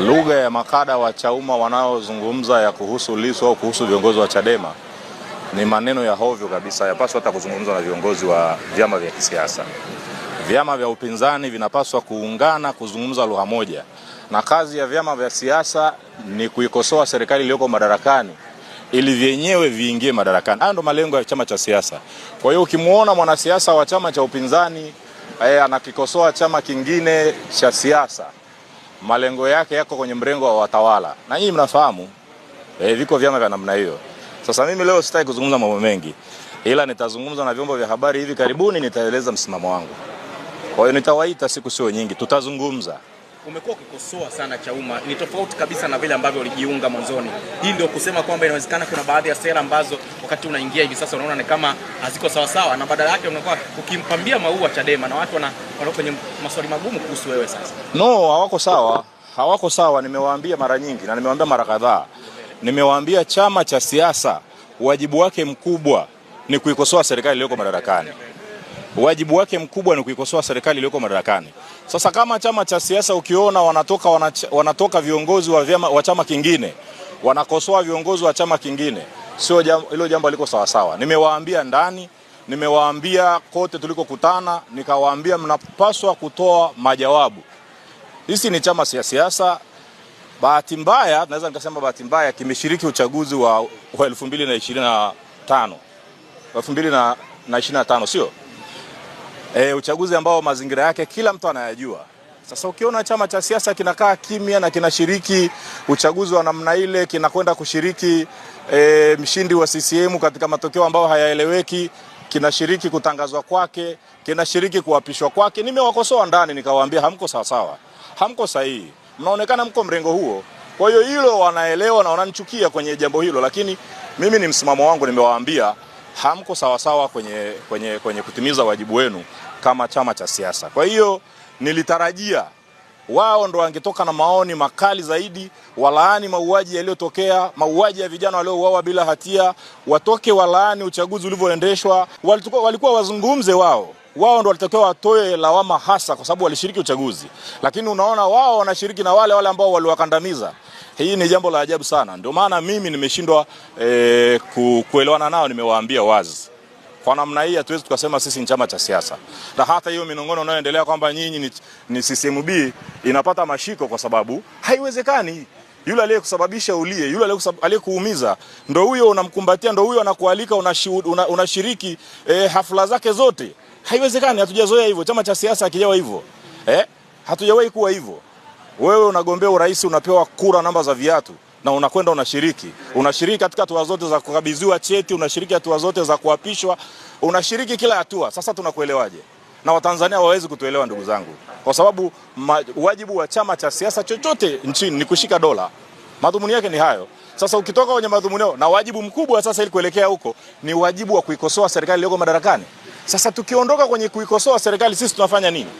lugha ya makada wa Chauma wanaozungumza ya kuhusu Lissu au kuhusu viongozi wa Chadema ni maneno ya hovyo kabisa, yapaswa hata kuzungumzwa na viongozi wa vyama vya kisiasa. Vyama vya upinzani vinapaswa kuungana kuzungumza lugha moja, na kazi ya vyama vya siasa ni kuikosoa serikali iliyoko madarakani ili vyenyewe viingie madarakani. Hayo ndo malengo ya chama cha siasa. Kwa hiyo ukimwona mwanasiasa wa chama cha upinzani eh, anakikosoa chama kingine cha siasa malengo yake yako kwenye mrengo wa watawala, na nyinyi mnafahamu e, viko vyama vya namna hiyo. Sasa mimi leo sitaki kuzungumza mambo mengi, ila nitazungumza na vyombo vya habari hivi karibuni, nitaeleza msimamo wangu. Kwa hiyo nitawaita siku sio nyingi, tutazungumza. Umekuwa ukikosoa sana Chauma, ni tofauti kabisa na vile ambavyo ulijiunga mwanzoni. Hii ndio kusema kwamba inawezekana kuna baadhi ya sera ambazo wakati unaingia hivi sasa unaona ni kama haziko sawasawa, na badala yake unakuwa ukimpambia maua Chadema na watu wana kwenye maswali magumu kuhusu wewe sasa. No, hawako sawa, hawako sawa. Nimewaambia mara nyingi na nimewaambia mara kadhaa, nimewaambia chama cha siasa wajibu wake mkubwa ni kuikosoa serikali iliyoko madarakani. Wajibu wake mkubwa ni kuikosoa serikali iliyoko madarakani. Sasa kama chama cha siasa ukiona wanatoka, wanacha, wanatoka viongozi wa, vyama, wa chama kingine wanakosoa viongozi wa chama kingine, sio hilo jam, jambo liko sawasawa. Nimewaambia ndani nimewaambia kote tulikokutana, nikawaambia mnapaswa kutoa majawabu. Hisi ni chama cha siasa. Bahati mbaya, naweza nikasema bahati mbaya, kimeshiriki uchaguzi wa, 2025 2025, sio e, uchaguzi ambao mazingira yake kila mtu anayajua. Sasa ukiona chama cha siasa kinakaa kimya na kinashiriki uchaguzi wa namna ile, kinakwenda kushiriki e, mshindi wa CCM katika matokeo ambayo hayaeleweki, kinashiriki kutangazwa kwake, kinashiriki kuapishwa kwake. Nimewakosoa ndani nikawaambia, hamko sawasawa, hamko sahihi, mnaonekana mko mrengo huo. Kwa hiyo hilo wanaelewa na wananichukia kwenye jambo hilo, lakini mimi ni msimamo wangu, nimewaambia hamko sawasawa kwenye, kwenye, kwenye kutimiza wajibu wenu kama chama cha siasa. Kwa hiyo nilitarajia wao ndo wangetoka na maoni makali zaidi, walaani mauaji yaliyotokea, mauaji ya vijana waliouawa bila hatia, watoke walaani uchaguzi ulivyoendeshwa. Walikuwa, wazungumze wao wao ndo walitakiwa watoe lawama hasa kwa sababu walishiriki uchaguzi, lakini unaona wao wanashiriki na wale wale ambao waliwakandamiza. Hii ni jambo la ajabu sana, ndio maana mimi nimeshindwa e, kuelewana nao. Nimewaambia wazi. Kwa namna hii hatuwezi tukasema sisi ni chama cha siasa, na hata hiyo minongono inayoendelea kwamba nyinyi ni, ni CCMB inapata mashiko, kwa sababu haiwezekani. Yule aliyekusababisha ulie, yule aliyekuumiza ndo huyo unamkumbatia, ndo huyo anakualika, unashiriki una, una eh, hafla zake zote. Haiwezekani, hatujazoea hivyo. Chama cha siasa hakijawa hivyo eh, hatujawahi kuwa hivyo. Wewe unagombea urais, unapewa kura namba za viatu na unakwenda unashiriki, unashiriki katika hatua zote za kukabidhiwa cheti, unashiriki hatua zote za kuapishwa, unashiriki kila hatua. Sasa tunakuelewaje? na Watanzania hawawezi kutuelewa ndugu zangu, kwa sababu ma, wajibu wa chama cha siasa chochote nchini ni kushika dola. Madhumuni yake ni hayo. Sasa ukitoka kwenye madhumuni na wajibu mkubwa sasa ili kuelekea huko ni wajibu wa kuikosoa serikali iliyoko madarakani. Sasa tukiondoka kwenye kuikosoa serikali, sisi tunafanya nini?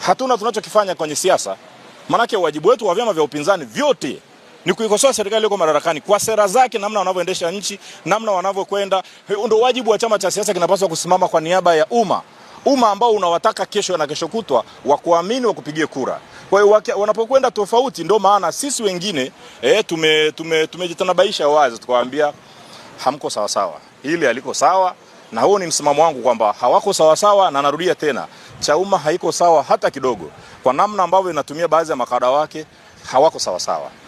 Hatuna tunachokifanya kwenye siasa, maanake wajibu wetu wa vyama vya upinzani vyote ni kuikosoa serikali iko madarakani kwa sera zake, namna wanavyoendesha nchi, namna wanavyokwenda. Ndio wajibu wa chama cha siasa, kinapaswa kusimama kwa niaba ya umma, umma ambao unawataka kesho na kesho kutwa wa kuamini wa kupigie kura. Kwa hiyo wanapokwenda tofauti, ndio maana sisi wengine eh, tume, tume, tumejitanabaisha wazi tukawaambia hamko sawa sawa, hili aliko sawa na huo ni msimamo wangu kwamba hawako sawa sawa, na narudia tena, Chauma haiko sawa hata kidogo, kwa namna ambavyo inatumia baadhi ya makada wake, hawako sawa sawa.